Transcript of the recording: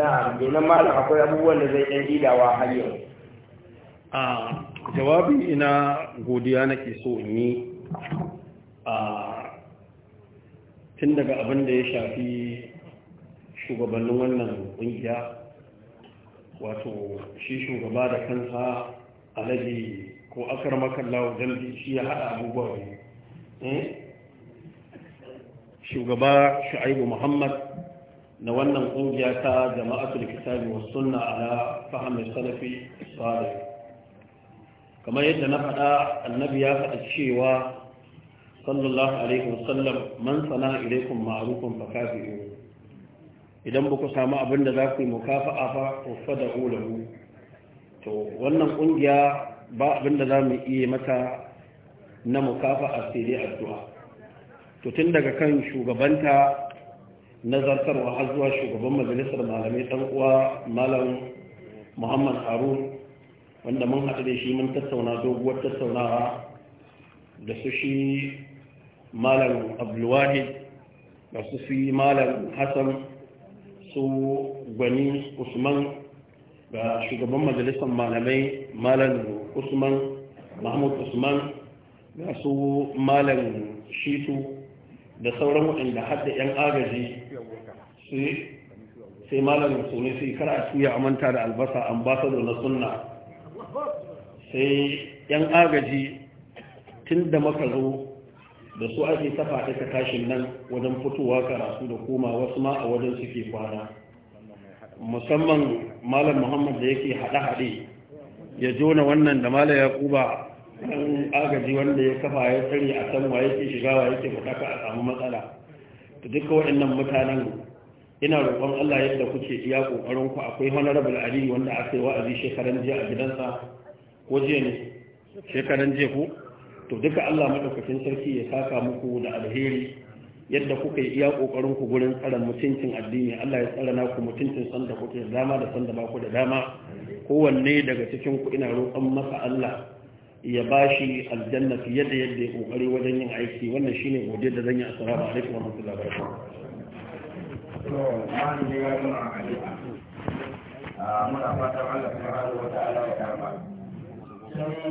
na'am domin malam akwai abubuwan da zai ɗan idawa har yau a jawabi ina godiya nake so in yi a tun daga abin da ya shafi shugabannin wannan ƙungiya wato shi shugaba da kansa alaji ko akar makallawa jambi shi ya haɗa abubuwa eh? shugaba shu'aibu muhammad na wannan kungiya ta jama'atul kitabi was sunna ala fahm salafi salih kamar yadda na faɗa annabi ya faɗa cewa sallallahu alaihi wasallam man sana ilaikum ma'rufun fa kafi'u idan ba ku samu abin da za ku yi mukafa'a fa ku fada ulahu to wannan kungiya ba abin da za mu iya mata na mukafa'a sai dai addu'a to tun daga kan shugabanta nazartarwa har zuwa shugaban majalisar malamai ɗan uwa malam muhammad harun wanda mun haɗu da shi mun tattauna doguwar tattaunawa da su shi malam abdulwahid da su fi malam hassan su gwani usman da shugaban majalisar malamai malam usman mahmud usman da su malam shitu da sauran waɗanda hadda 'yan agaji sai malamin sune sai kar a a manta da albasa da na sunna sai yan agaji tun da maka zo da su ake tafa ta tashin nan wajen fitowa karatu da koma wasu ma a wajen suke kwana musamman malam muhammad da yake haɗe-haɗe ya jona wannan da malam yakuba ɗan agaji wanda ya kafa ya tsari a san wa yake shiga wa yake fitaka a samu matsala ta duka waɗannan mutanen ina roƙon Allah yadda kuke iya ƙoƙarin ku akwai honorable Ali wanda aka yi wa'azi shekaran jiya a gidansa ko jiya ne shekaran jiya ku to duka Allah madaukakin sarki ya saka muku da alheri yadda kuka yi iya ƙoƙarin ku gurin tsara mutuncin addini Allah ya tsara na ku mutuncin sanda kuke da dama da ba ku da dama kowanne daga cikin ku ina roƙon masa Allah ya bashi aljanna fiye da yadda ya ƙoƙari wajen yin aiki wannan shine godiya da zan yi assalamu alaikum wa rahmatullahi wa barakatuh ma ah, muna fatan Allah subhanahu wa ta'ala ya karba